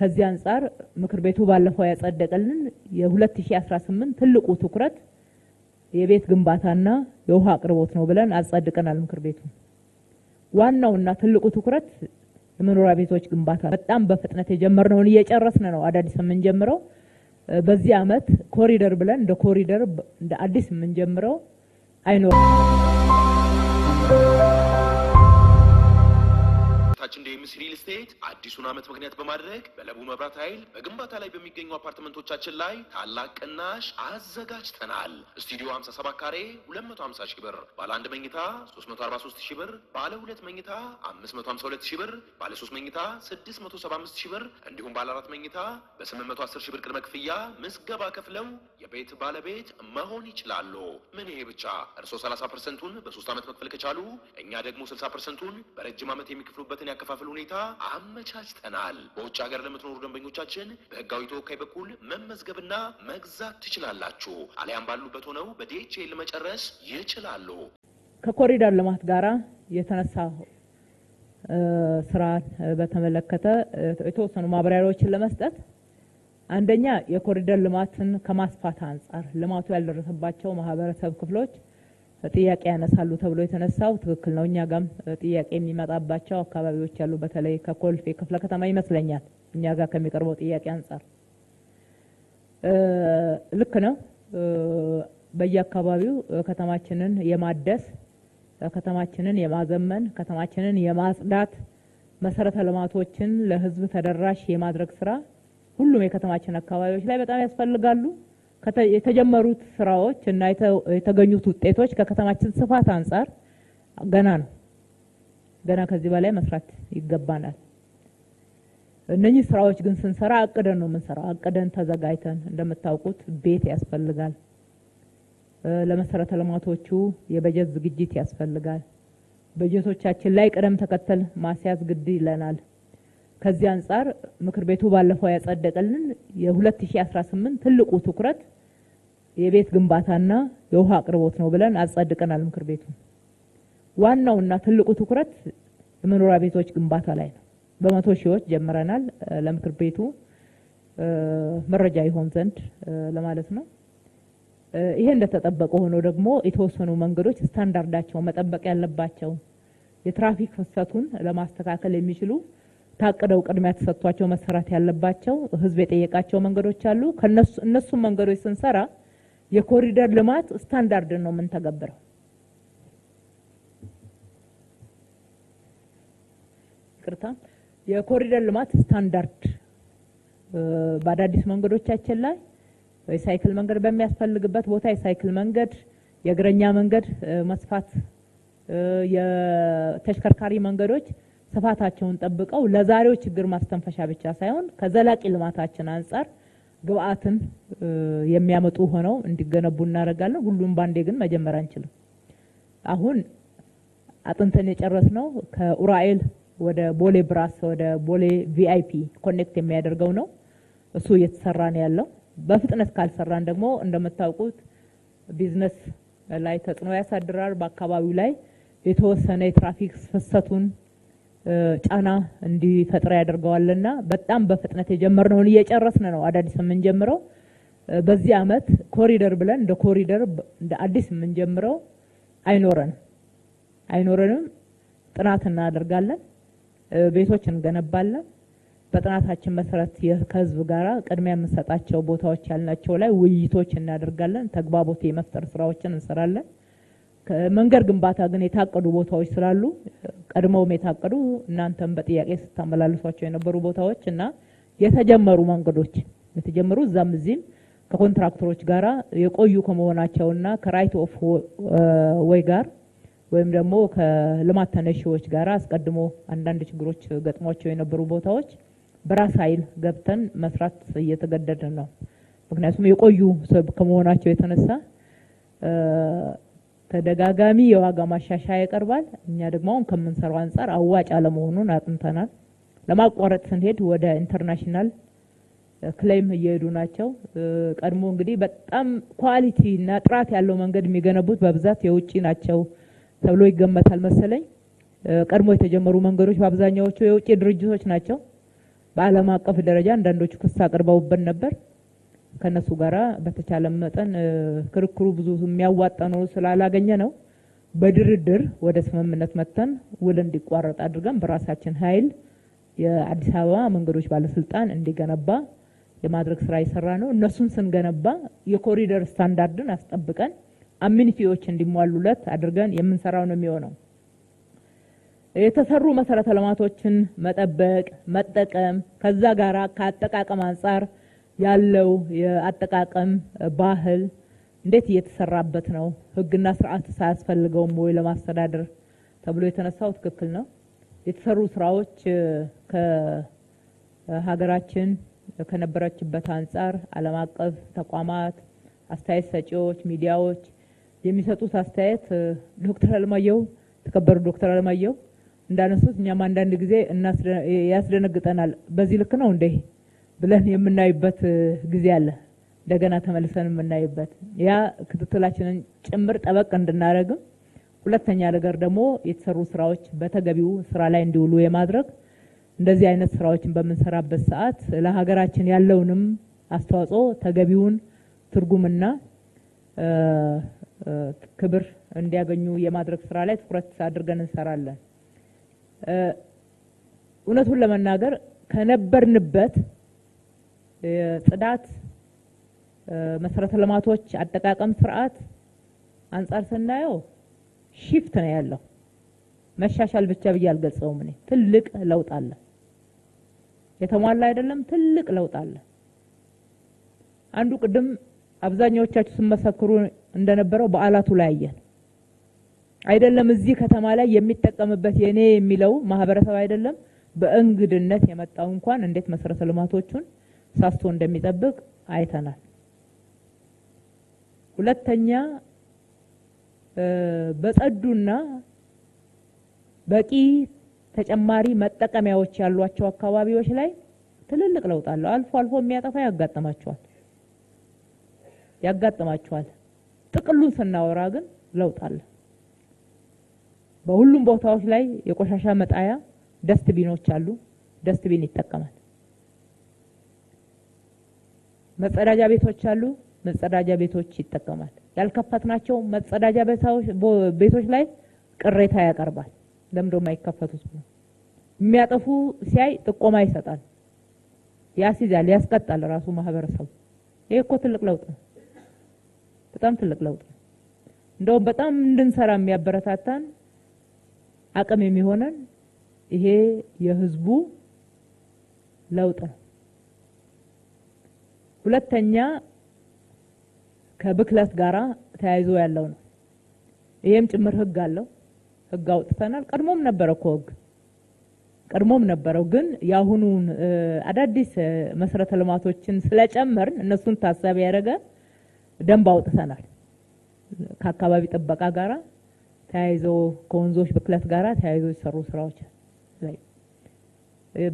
ከዚህ አንጻር ምክር ቤቱ ባለፈው ያጸደቀልን የ2018 ትልቁ ትኩረት የቤት ግንባታና የውሃ አቅርቦት ነው ብለን አጸድቀናል። ምክር ቤቱ ዋናውና ትልቁ ትኩረት የመኖሪያ ቤቶች ግንባታ በጣም በፍጥነት የጀመርነውን እየጨረስን ነው። አዳዲስ የምንጀምረው በዚህ አመት ኮሪደር ብለን እንደ ኮሪደር እንደ አዲስ የምንጀምረው አይኖርም። በሀገራችን ሪል ስቴት አዲሱን ዓመት ምክንያት በማድረግ በለቡ መብራት ኃይል በግንባታ ላይ በሚገኙ አፓርትመንቶቻችን ላይ ታላቅ ቅናሽ አዘጋጅተናል። ስቱዲዮ 57 ካሬ 250 ሺህ ብር፣ ባለ አንድ መኝታ 343 ሺህ ብር፣ ባለ ሁለት መኝታ 552 ሺህ ብር፣ ባለ ሶስት መኝታ 675 ሺህ ብር እንዲሁም ባለ አራት መኝታ በ810 ሺህ ብር ቅድመ ክፍያ ምዝገባ ከፍለው የቤት ባለቤት መሆን ይችላሉ። ምን ይሄ ብቻ እርስዎ 30 ፐርሰንቱን በሶስት ዓመት መክፈል ከቻሉ እኛ ደግሞ 60 ፐርሰንቱን በረጅም ዓመት የሚከፍሉበትን የአከፋፈል ሁኔታ አመቻችተናል። በውጭ ሀገር ለምትኖሩ ደንበኞቻችን በህጋዊ ተወካይ በኩል መመዝገብና መግዛት ትችላላችሁ። አሊያም ባሉበት ሆነው በዲኤችኤል መጨረስ ይችላሉ። ከኮሪደር ልማት ጋራ የተነሳ ስራ በተመለከተ የተወሰኑ ማብራሪያዎችን ለመስጠት አንደኛ የኮሪደር ልማትን ከማስፋት አንጻር ልማቱ ያልደረሰባቸው ማህበረሰብ ክፍሎች ጥያቄ ያነሳሉ ተብሎ የተነሳው ትክክል ነው። እኛ ጋም ጥያቄ የሚመጣባቸው አካባቢዎች ያሉ በተለይ ከኮልፌ ክፍለ ከተማ ይመስለኛል እኛ ጋር ከሚቀርበው ጥያቄ አንጻር ልክ ነው። በየአካባቢው ከተማችንን የማደስ ከተማችንን የማዘመን ከተማችንን የማጽዳት መሰረተ ልማቶችን ለሕዝብ ተደራሽ የማድረግ ስራ ሁሉም የከተማችን አካባቢዎች ላይ በጣም ያስፈልጋሉ። የተጀመሩት ስራዎች እና የተገኙት ውጤቶች ከከተማችን ስፋት አንጻር ገና ነው። ገና ከዚህ በላይ መስራት ይገባናል። እነኚህ ስራዎች ግን ስንሰራ አቅደን ነው የምንሰራው። አቅደን ተዘጋጅተን፣ እንደምታውቁት ቤት ያስፈልጋል። ለመሰረተ ልማቶቹ የበጀት ዝግጅት ያስፈልጋል። በጀቶቻችን ላይ ቅደም ተከተል ማስያዝ ግድ ይለናል። ከዚህ አንጻር ምክር ቤቱ ባለፈው ያጸደቀልን የ2018 ትልቁ ትኩረት የቤት ግንባታና የውሃ አቅርቦት ነው ብለን አጸድቀናል። ምክር ቤቱ ዋናውና ትልቁ ትኩረት የመኖሪያ ቤቶች ግንባታ ላይ ነው። በመቶ ሺዎች ጀምረናል። ለምክር ቤቱ መረጃ ይሆን ዘንድ ለማለት ነው። ይሄ እንደተጠበቀ ሆኖ ደግሞ የተወሰኑ መንገዶች ስታንዳርዳቸው መጠበቅ ያለባቸው የትራፊክ ፍሰቱን ለማስተካከል የሚችሉ ታቅደው ቅድሚያ ተሰጥቷቸው መሰራት ያለባቸው ህዝብ የጠየቃቸው መንገዶች አሉ። እነሱም መንገዶች ስንሰራ የኮሪደር ልማት ስታንዳርድ ነው የምንተገብረው። ቅርታ የኮሪደር ልማት ስታንዳርድ በአዳዲስ መንገዶቻችን ላይ የሳይክል መንገድ በሚያስፈልግበት ቦታ የሳይክል መንገድ፣ የእግረኛ መንገድ መስፋት፣ የተሽከርካሪ መንገዶች ስፋታቸውን ጠብቀው ለዛሬው ችግር ማስተንፈሻ ብቻ ሳይሆን ከዘላቂ ልማታችን አንጻር ግብአትን የሚያመጡ ሆነው እንዲገነቡ እናደርጋለን። ሁሉም ባንዴ ግን መጀመር አንችልም። አሁን አጥንተን የጨረስነው ከኡራኤል ወደ ቦሌ ብራስ ወደ ቦሌ ቪአይፒ ኮኔክት የሚያደርገው ነው። እሱ እየተሰራ ነው ያለው። በፍጥነት ካልሰራን ደግሞ እንደምታውቁት ቢዝነስ ላይ ተጽዕኖ ያሳድራል። በአካባቢው ላይ የተወሰነ የትራፊክ ፍሰቱን ጫና እንዲፈጥረ ያደርገዋልና በጣም በፍጥነት የጀመርነውን እየጨረስን ነው። አዳዲስ የምንጀምረው በዚህ አመት ኮሪደር ብለን እንደ ኮሪደር እንደ አዲስ የምንጀምረው አይኖረንም አይኖረንም። ጥናት እናደርጋለን፣ ቤቶች እንገነባለን። በጥናታችን መሰረት ከህዝብ ጋራ ቅድሚያ የምንሰጣቸው ቦታዎች ያልናቸው ላይ ውይይቶች እናደርጋለን። ተግባቦት የመፍጠር ስራዎችን እንሰራለን። መንገድ ግንባታ ግን የታቀዱ ቦታዎች ስላሉ ቀድመውም የታቀዱ እናንተም በጥያቄ ስታመላልሷቸው የነበሩ ቦታዎች እና የተጀመሩ መንገዶች የተጀመሩ እዛም እዚህም ከኮንትራክተሮች ጋራ የቆዩ ከመሆናቸውና ከራይት ኦፍ ወይ ጋር ወይም ደግሞ ከልማት ተነሺዎች ጋር አስቀድሞ አንዳንድ ችግሮች ገጥሟቸው የነበሩ ቦታዎች በራስ ኃይል ገብተን መስራት እየተገደድን ነው። ምክንያቱም የቆዩ ከመሆናቸው የተነሳ ተደጋጋሚ የዋጋ ማሻሻያ ይቀርባል። እኛ ደግሞ አሁን ከምንሰራው አንጻር አዋጭ አለመሆኑን አጥንተናል። ለማቋረጥ ስንሄድ ወደ ኢንተርናሽናል ክሌም እየሄዱ ናቸው። ቀድሞ እንግዲህ በጣም ኳሊቲ እና ጥራት ያለው መንገድ የሚገነቡት በብዛት የውጭ ናቸው ተብሎ ይገመታል መሰለኝ። ቀድሞ የተጀመሩ መንገዶች በአብዛኛዎቹ የውጭ ድርጅቶች ናቸው። በዓለም አቀፍ ደረጃ አንዳንዶቹ ክስ አቅርበውብን ነበር። ከነሱ ጋራ በተቻለ መጠን ክርክሩ ብዙ የሚያዋጣ ነው ስላላገኘ ነው በድርድር ወደ ስምምነት መጥተን ውል እንዲቋረጥ አድርገን በራሳችን ኃይል የአዲስ አበባ መንገዶች ባለስልጣን እንዲገነባ የማድረግ ስራ የሰራ ነው። እነሱን ስንገነባ የኮሪደር ስታንዳርድን አስጠብቀን አሚኒቲዎች እንዲሟሉለት አድርገን የምንሰራው ነው የሚሆነው። የተሰሩ መሰረተ ልማቶችን መጠበቅ፣ መጠቀም ከዛ ጋራ ከአጠቃቀም አንጻር ያለው የአጠቃቀም ባህል እንዴት እየተሰራበት ነው? ህግና ስርዓት ሳያስፈልገውም ወይ ለማስተዳደር ተብሎ የተነሳው ትክክል ነው። የተሰሩ ስራዎች ከሀገራችን ከነበረችበት አንጻር ዓለም አቀፍ ተቋማት፣ አስተያየት ሰጪዎች፣ ሚዲያዎች የሚሰጡት አስተያየት ዶክተር አለማየሁ ተከበሩ ዶክተር አለማየሁ እንዳነሱት እኛም አንዳንድ ጊዜ ያስደነግጠናል። በዚህ ልክ ነው እንዴ? ብለን የምናይበት ጊዜ አለ። እንደገና ተመልሰን የምናይበት ያ ክትትላችንን ጭምር ጠበቅ እንድናደርግም፣ ሁለተኛ ነገር ደግሞ የተሰሩ ስራዎች በተገቢው ስራ ላይ እንዲውሉ የማድረግ እንደዚህ አይነት ስራዎችን በምንሰራበት ሰዓት ለሀገራችን ያለውንም አስተዋጽኦ ተገቢውን ትርጉምና ክብር እንዲያገኙ የማድረግ ስራ ላይ ትኩረት አድርገን እንሰራለን። እውነቱን ለመናገር ከነበርንበት የጽዳት መሰረተ ልማቶች አጠቃቀም ስርዓት አንጻር ስናየው ሺፍት ነው ያለው። መሻሻል ብቻ ብዬ አልገልጸውም። እኔ ትልቅ ለውጥ አለ። የተሟላ አይደለም፣ ትልቅ ለውጥ አለ። አንዱ ቅድም አብዛኛዎቻችሁ ስመሰክሩ እንደነበረው በዓላቱ ላይ አየን አይደለም። እዚህ ከተማ ላይ የሚጠቀምበት የኔ የሚለው ማህበረሰብ አይደለም፣ በእንግድነት የመጣው እንኳን እንዴት መሰረተ ልማቶቹን ሳስቶ እንደሚጠብቅ አይተናል። ሁለተኛ በጸዱና በቂ ተጨማሪ መጠቀሚያዎች ያሏቸው አካባቢዎች ላይ ትልልቅ ለውጥ አለው። አልፎ አልፎ የሚያጠፋ ያጋጥማቸዋል ያጋጥማቸዋል። ጥቅሉን ስናወራ ግን ለውጥ አለ። በሁሉም ቦታዎች ላይ የቆሻሻ መጣያ ደስት ቢኖች አሉ። ደስት ቢን ይጠቀማል። መጸዳጃ ቤቶች አሉ። መጸዳጃ ቤቶች ይጠቀማል። ያልከፈትናቸው መጸዳጃ ቤቶች ላይ ቅሬታ ያቀርባል። ለምዶ የማይከፈቱት ነው። የሚያጠፉ ሲያይ ጥቆማ ይሰጣል፣ ያስይዛል፣ ያስቀጣል። ራሱ ማህበረሰቡ ይሄ እኮ ትልቅ ለውጥ ነው። በጣም ትልቅ ለውጥ ነው። እንደውም በጣም እንድንሰራ የሚያበረታታን አቅም የሚሆነን ይሄ የህዝቡ ለውጥ ነው። ሁለተኛ ከብክለት ጋራ ተያይዞ ያለው ነው። ይሄም ጭምር ህግ አለው። ህግ አውጥተናል። ቀድሞም ነበረ እኮ ህግ ቀድሞም ነበረው፣ ግን የአሁኑን አዳዲስ መሰረተ ልማቶችን ስለጨመርን እነሱን ታሳቢ ያደረገ ደንብ አውጥተናል። ከአካባቢ ጥበቃ ጋራ ተያይዞ ከወንዞች ብክለት ጋራ ተያይዞ የሰሩ ስራዎች ላይ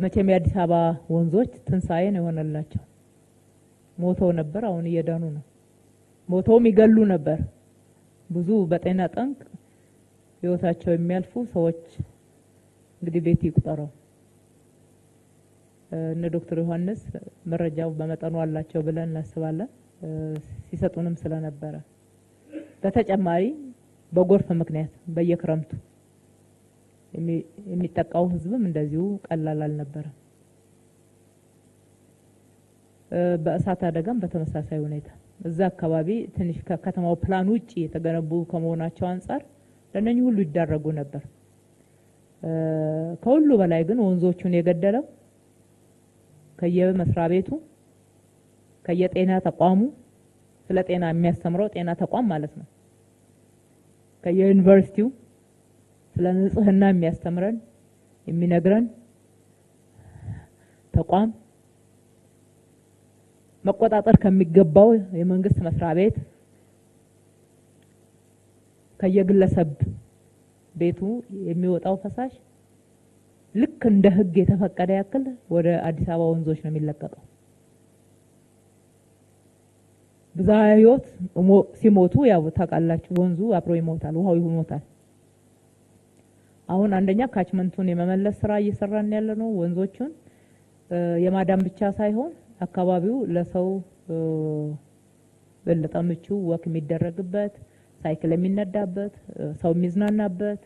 መቼም የአዲስ አበባ ወንዞች ትንሳኤ ነው የሆነላቸው። ሞተው ነበር። አሁን እየዳኑ ነው። ሞተውም ይገሉ ነበር። ብዙ በጤና ጠንቅ ህይወታቸው የሚያልፉ ሰዎች እንግዲህ ቤት ይቁጠረው። እነ ዶክተር ዮሐንስ መረጃው በመጠኑ አላቸው ብለን እናስባለን። ሲሰጡንም ስለነበረ በተጨማሪ በጎርፍ ምክንያት በየክረምቱ የሚጠቃው ህዝብም እንደዚሁ ቀላል አልነበረም። በእሳት አደጋም በተመሳሳይ ሁኔታ እዛ አካባቢ ትንሽ ከከተማው ፕላን ውጭ የተገነቡ ከመሆናቸው አንጻር ለእነኚህ ሁሉ ይዳረጉ ነበር። ከሁሉ በላይ ግን ወንዞቹን የገደለው ከየመስሪያ ቤቱ ከየጤና ተቋሙ ስለ ጤና የሚያስተምረው ጤና ተቋም ማለት ነው። ከየዩኒቨርሲቲው ስለ ንጽህና የሚያስተምረን የሚነግረን ተቋም መቆጣጠር ከሚገባው የመንግስት መስሪያ ቤት ከየግለሰብ ቤቱ የሚወጣው ፈሳሽ ልክ እንደ ህግ የተፈቀደ ያክል ወደ አዲስ አበባ ወንዞች ነው የሚለቀቀው። ብዝሃ ሕይወት ሲሞቱ ያው ታውቃላችሁ፣ ወንዙ አብሮ ይሞታል፣ ውሃው ይሞታል። አሁን አንደኛ ካችመንቱን የመመለስ ስራ እየሰራን ያለ ነው። ወንዞቹን የማዳን ብቻ ሳይሆን አካባቢው ለሰው በለጠ ምቹ ወክ የሚደረግበት ሳይክል የሚነዳበት ሰው የሚዝናናበት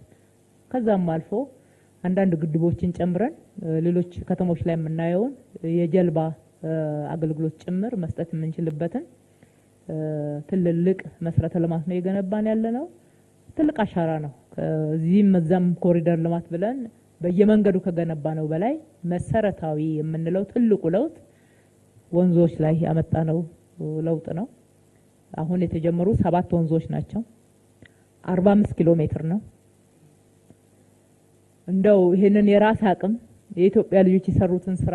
ከዛም አልፎ አንዳንድ ግድቦችን ጨምረን ሌሎች ከተሞች ላይ የምናየውን የጀልባ አገልግሎት ጭምር መስጠት የምንችልበትን ትልልቅ መሰረተ ልማት ነው የገነባን ያለ ነው። ትልቅ አሻራ ነው። ከዚህም እዛም ኮሪደር ልማት ብለን በየመንገዱ ከገነባ ነው በላይ መሰረታዊ የምንለው ትልቁ ለውጥ ወንዞች ላይ ያመጣነው ለውጥ ነው። አሁን የተጀመሩ ሰባት ወንዞች ናቸው። አርባ አምስት ኪሎ ሜትር ነው። እንደው ይህንን የራስ አቅም የኢትዮጵያ ልጆች የሰሩትን ስራ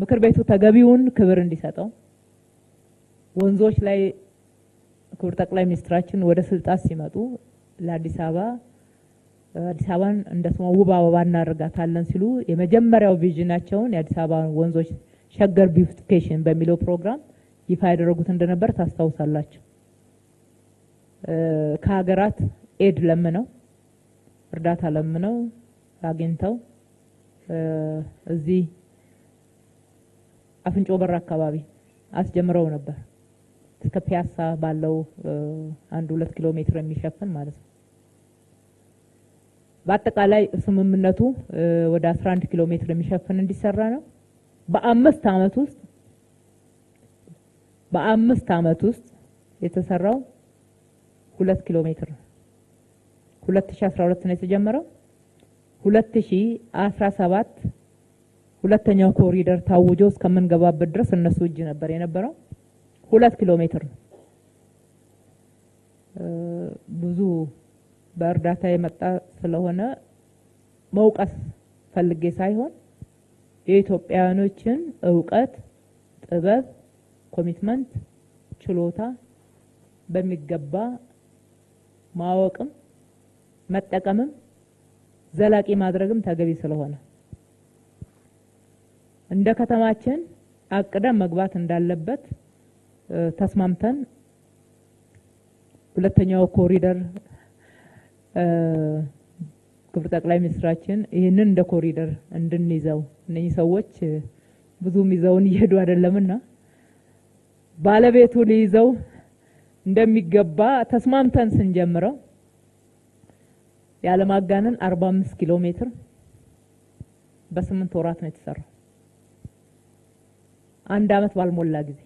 ምክር ቤቱ ተገቢውን ክብር እንዲሰጠው ወንዞች ላይ ክቡር ጠቅላይ ሚኒስትራችን ወደ ስልጣን ሲመጡ ለአዲስ አበባ አዲስ አበባን እንደ ስሟ ውብ አበባ እናደርጋታለን ሲሉ የመጀመሪያው ቪዥናቸውን የአዲስ አበባ ወንዞች ሸገር ቢውቲፊኬሽን በሚለው ፕሮግራም ይፋ ያደረጉት እንደነበር ታስታውሳላችሁ። ከሀገራት ኤድ ለምነው እርዳታ ለምነው አግኝተው እዚህ አፍንጮ በር አካባቢ አስጀምረው ነበር። እስከ ፒያሳ ባለው አንድ ሁለት ኪሎ ሜትር የሚሸፍን ማለት ነው። በአጠቃላይ ስምምነቱ ወደ 11 ኪሎ ሜትር የሚሸፍን እንዲሰራ ነው። በአምስት አመት ውስጥ በአምስት ዓመት ውስጥ የተሰራው ሁለት ኪሎ ሜትር 2012 ነው የተጀመረው። 2017 ሁለተኛው ኮሪደር ታውጆ እስከምንገባበት ድረስ እነሱ እጅ ነበር የነበረው። ሁለት ኪሎ ሜትር ነው። ብዙ በእርዳታ የመጣ ስለሆነ መውቀስ ፈልጌ ሳይሆን የኢትዮጵያውያኖችን እውቀት፣ ጥበብ፣ ኮሚትመንት፣ ችሎታ በሚገባ ማወቅም መጠቀምም ዘላቂ ማድረግም ተገቢ ስለሆነ እንደ ከተማችን አቅደን መግባት እንዳለበት ተስማምተን ሁለተኛው ኮሪደር ክብር ጠቅላይ ሚኒስትራችን ይህንን እንደ ኮሪደር እንድንይዘው እነኚህ ሰዎች ብዙ ይዘውን እየሄዱ አይደለምና ባለቤቱ ሊይዘው እንደሚገባ ተስማምተን ስንጀምረው ያለማጋነን 45 ኪሎ ሜትር በስምንት ወራት ነው የተሰራው። አንድ አመት ባልሞላ ጊዜ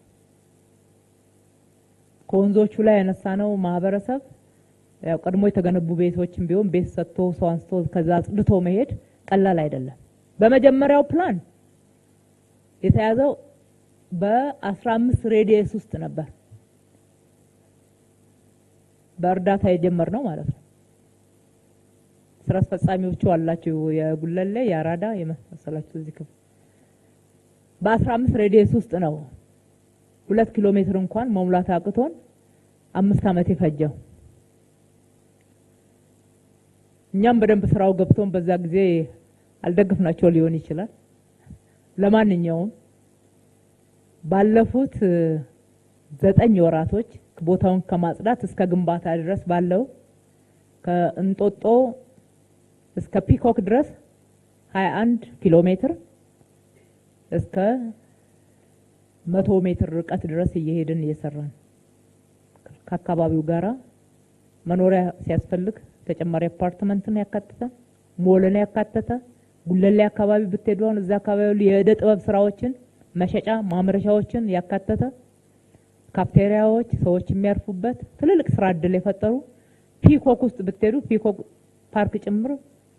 ከወንዞቹ ላይ ያነሳነው ማህበረሰብ ያው ቀድሞ የተገነቡ ቤቶችም ቢሆን ቤት ሰጥቶ ሰው አንስቶ ከዛ አጽድቶ መሄድ ቀላል አይደለም። በመጀመሪያው ፕላን የተያዘው በ15 ሬዲየስ ውስጥ ነበር በእርዳታ ነው ማለት ነው። ስራ አስፈጻሚዎቹ አላችሁ፣ የጉለሌ የአራዳ የመሳሰላችሁ እዚህ ክፍል በ15 ሬዲየስ ውስጥ ነው። ሁለት ኪሎ ሜትር እንኳን መሙላት አቅቶን አምስት አመት የፈጀው እኛም በደንብ ስራው ገብቶን በዛ ጊዜ አልደግፍናቸው ሊሆን ይችላል። ለማንኛውም ባለፉት ዘጠኝ ወራቶች ቦታውን ከማጽዳት እስከ ግንባታ ድረስ ባለው ከእንጦጦ እስከ ፒኮክ ድረስ 21 ኪሎ ሜትር እስከ 100 ሜትር ርቀት ድረስ እየሄድን እየሰራን ከአካባቢው ጋራ መኖሪያ ሲያስፈልግ ተጨማሪ አፓርትመንትን ያካተተ ሞልን ያካተተ ጉለሌ አካባቢ ብትሄዱ እዛ አካባቢ የእደ ጥበብ ስራዎችን መሸጫ ማምረሻዎችን ያካተተ ካፍቴሪያዎች፣ ሰዎች የሚያርፉበት ትልልቅ ስራ እድል የፈጠሩ ፒኮክ ውስጥ ብትሄዱ ፒኮክ ፓርክ ጭምር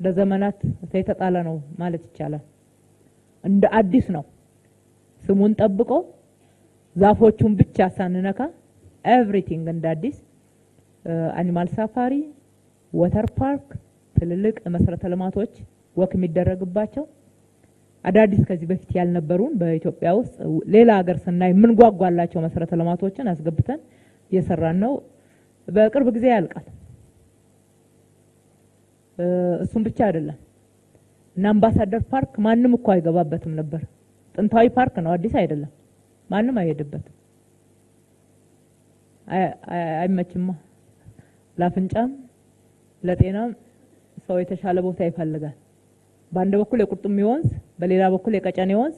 ለዘመናት የተጣለ ነው ማለት ይቻላል። እንደ አዲስ ነው። ስሙን ጠብቆ ዛፎቹን ብቻ ሳንነካ ኤቭሪቲንግ እንደ አዲስ አኒማል ሳፋሪ፣ ወተር ፓርክ፣ ትልልቅ መሰረተ ልማቶች ወክ የሚደረግባቸው አዳዲስ ከዚህ በፊት ያልነበሩን በኢትዮጵያ ውስጥ ሌላ ሀገር ስናይ የምንጓጓላቸው መሰረተ ልማቶችን አስገብተን እየሰራን ነው። በቅርብ ጊዜ ያልቃል። እሱም ብቻ አይደለም እና አምባሳደር ፓርክ ማንም እኮ አይገባበትም ነበር። ጥንታዊ ፓርክ ነው፣ አዲስ አይደለም። ማንም አይሄድበትም፣ አይመችማ። ለአፍንጫም ለጤናም ሰው የተሻለ ቦታ ይፈልጋል። በአንድ በኩል የቁርጡሚ ወንዝ በሌላ በኩል የቀጨኔ ወንዝ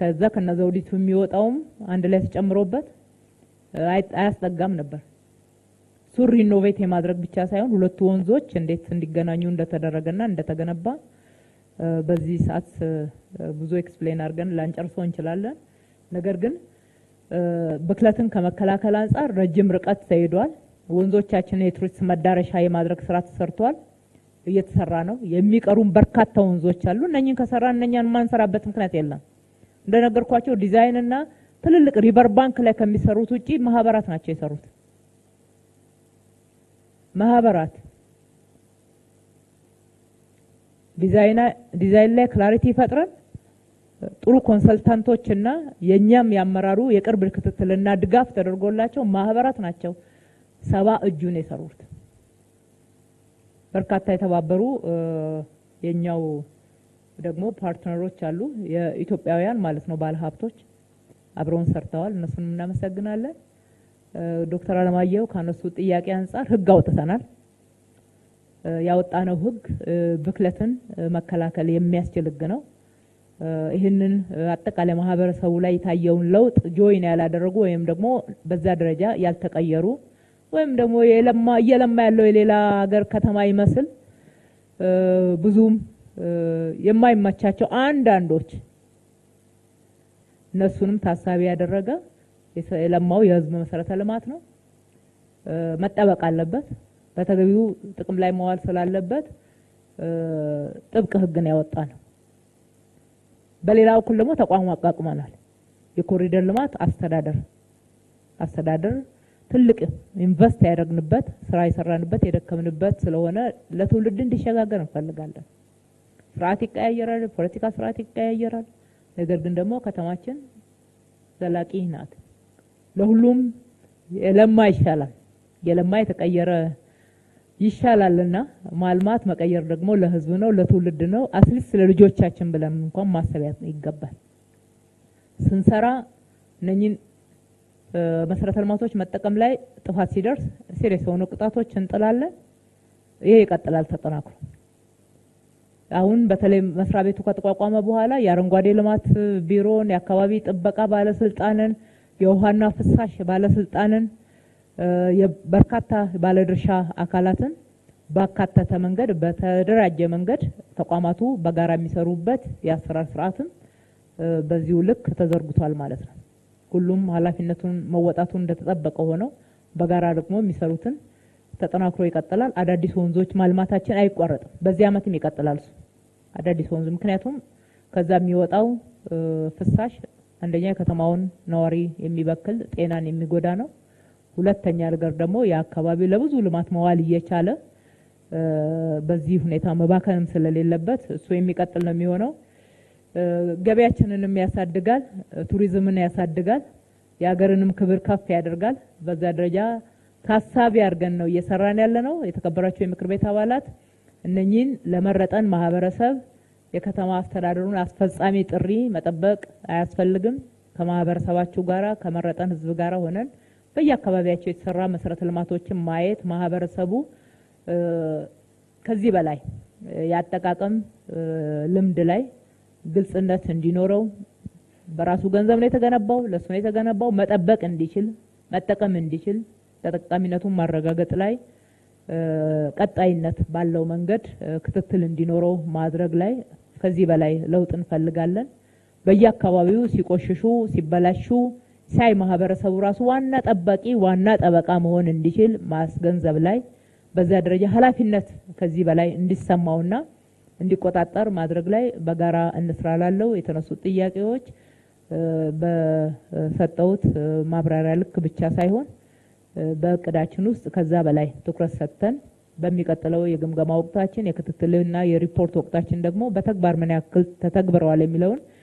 ከዛ ከነዘውዲቱ የሚወጣውም አንድ ላይ ተጨምሮበት አያስጠጋም ነበር። ሱሪ ኢኖቬት የማድረግ ብቻ ሳይሆን ሁለቱ ወንዞች እንዴት እንዲገናኙ እንደተደረገና እንደተገነባ በዚህ ሰዓት ብዙ ኤክስፕሌን አድርገን ላንጨርሶ እንችላለን። ነገር ግን ብክለትን ከመከላከል አንጻር ረጅም ርቀት ተሄዷል። ወንዞቻችን የቱሪስት መዳረሻ የማድረግ ስራ ተሰርቷል። እየተሰራ ነው። የሚቀሩን በርካታ ወንዞች አሉ። እነኝን ከሰራ እነኛን ማንሰራበት ምክንያት የለም። እንደነገርኳቸው ዲዛይን እና ትልልቅ ሪቨር ባንክ ላይ ከሚሰሩት ውጪ ማህበራት ናቸው የሰሩት። ማህበራት ዲዛይን ላይ ክላሪቲ ፈጥረን ጥሩ ኮንሰልታንቶች እና የእኛም ያመራሩ የቅርብ ክትትልና ድጋፍ ተደርጎላቸው ማህበራት ናቸው ሰባ እጁን የሰሩት። በርካታ የተባበሩ የኛው ደግሞ ፓርትነሮች አሉ፣ የኢትዮጵያውያን ማለት ነው፣ ባለሀብቶች አብረውን ሰርተዋል። እነሱንም እናመሰግናለን። ዶክተር አለማየሁ ካነሱ ጥያቄ አንጻር ህግ አውጥተናል። ያወጣነው ህግ ብክለትን መከላከል የሚያስችል ህግ ነው። ይህንን አጠቃላይ ማህበረሰቡ ላይ የታየውን ለውጥ ጆይን ያላደረጉ ወይም ደግሞ በዛ ደረጃ ያልተቀየሩ ወይም ደግሞ እየለማ ያለው የሌላ ሀገር ከተማ ይመስል ብዙም የማይመቻቸው አንዳንዶች እነሱንም ታሳቢ ያደረገ የለማው የህዝብ መሰረተ ልማት ነው፣ መጠበቅ አለበት። በተገቢው ጥቅም ላይ መዋል ስላለበት ጥብቅ ህግን ያወጣ ነው። በሌላ በኩል ደግሞ ተቋሙ አቋቁመናል። የኮሪደር ልማት አስተዳደር አስተዳደር ትልቅ ኢንቨስት ያደረግንበት ስራ የሰራንበት የደከምንበት ስለሆነ ለትውልድ እንዲሸጋገር እንፈልጋለን። ስርዓት ይቀያየራል፣ ፖለቲካ ስርዓት ይቀያየራል። ነገር ግን ደግሞ ከተማችን ዘላቂ ናት። ለሁሉም የለማ ይሻላል፣ የለማ የተቀየረ ይሻላልና ማልማት መቀየር ደግሞ ለህዝብ ነው፣ ለትውልድ ነው፣ አትሊስት ለልጆቻችን ብለን እንኳን ማሰቢያ ይገባል። ስንሰራ እነኚህን መሰረተ ልማቶች መጠቀም ላይ ጥፋት ሲደርስ ሴሪየስ የሆኑ ቅጣቶች እንጥላለን። ይሄ ይቀጥላል ተጠናክሮ። አሁን በተለይ መስሪያ ቤቱ ከተቋቋመ በኋላ የአረንጓዴ ልማት ቢሮን፣ የአካባቢ ጥበቃ ባለስልጣንን፣ የውሃና ፍሳሽ ባለስልጣንን በርካታ ባለድርሻ አካላትን ባካተተ መንገድ በተደራጀ መንገድ ተቋማቱ በጋራ የሚሰሩበት የአሰራር ስርዓትም በዚሁ ልክ ተዘርግቷል ማለት ነው። ሁሉም ኃላፊነቱን መወጣቱን እንደተጠበቀ ሆነው በጋራ ደግሞ የሚሰሩትን ተጠናክሮ ይቀጥላል። አዳዲስ ወንዞች ማልማታችን አይቋረጥም። በዚህ ዓመትም ይቀጥላል እሱ አዳዲስ ወንዝ ምክንያቱም ከዛ የሚወጣው ፍሳሽ አንደኛ የከተማውን ነዋሪ የሚበክል ጤናን የሚጎዳ ነው። ሁለተኛ ነገር ደግሞ የአካባቢው ለብዙ ልማት መዋል እየቻለ በዚህ ሁኔታ መባከንም ስለሌለበት እሱ የሚቀጥል ነው የሚሆነው። ገበያችንንም ያሳድጋል፣ ቱሪዝምን ያሳድጋል፣ የሀገርንም ክብር ከፍ ያደርጋል። በዛ ደረጃ ታሳቢ አድርገን ነው እየሰራን ያለ ነው። የተከበራቸው የምክር ቤት አባላት እነኚህን ለመረጠን ማህበረሰብ የከተማ አስተዳደሩን አስፈጻሚ ጥሪ መጠበቅ አያስፈልግም። ከማህበረሰባችሁ ጋራ ከመረጠን ህዝብ ጋራ ሆነን በየአካባቢያቸው የተሰራ መሰረተ ልማቶችን ማየት ማህበረሰቡ ከዚህ በላይ የአጠቃቀም ልምድ ላይ ግልጽነት እንዲኖረው በራሱ ገንዘብ ነው የተገነባው፣ ለሱ ነው የተገነባው። መጠበቅ እንዲችል መጠቀም እንዲችል ተጠቃሚነቱን ማረጋገጥ ላይ ቀጣይነት ባለው መንገድ ክትትል እንዲኖረው ማድረግ ላይ ከዚህ በላይ ለውጥ እንፈልጋለን። በየአካባቢው ሲቆሽሹ፣ ሲበላሹ ሳይ ማህበረሰቡ ራሱ ዋና ጠባቂ ዋና ጠበቃ መሆን እንዲችል ማስገንዘብ ላይ በዛ ደረጃ ኃላፊነት ከዚህ በላይ እንዲሰማውና እንዲቆጣጠር ማድረግ ላይ በጋራ እንስራ ላለው የተነሱት ጥያቄዎች በሰጠሁት ማብራሪያ ልክ ብቻ ሳይሆን በእቅዳችን ውስጥ ከዛ በላይ ትኩረት ሰጥተን በሚቀጥለው የግምገማ ወቅታችን የክትትልና የሪፖርት ወቅታችን ደግሞ በተግባር ምን ያክል ተተግብረዋል የሚለውን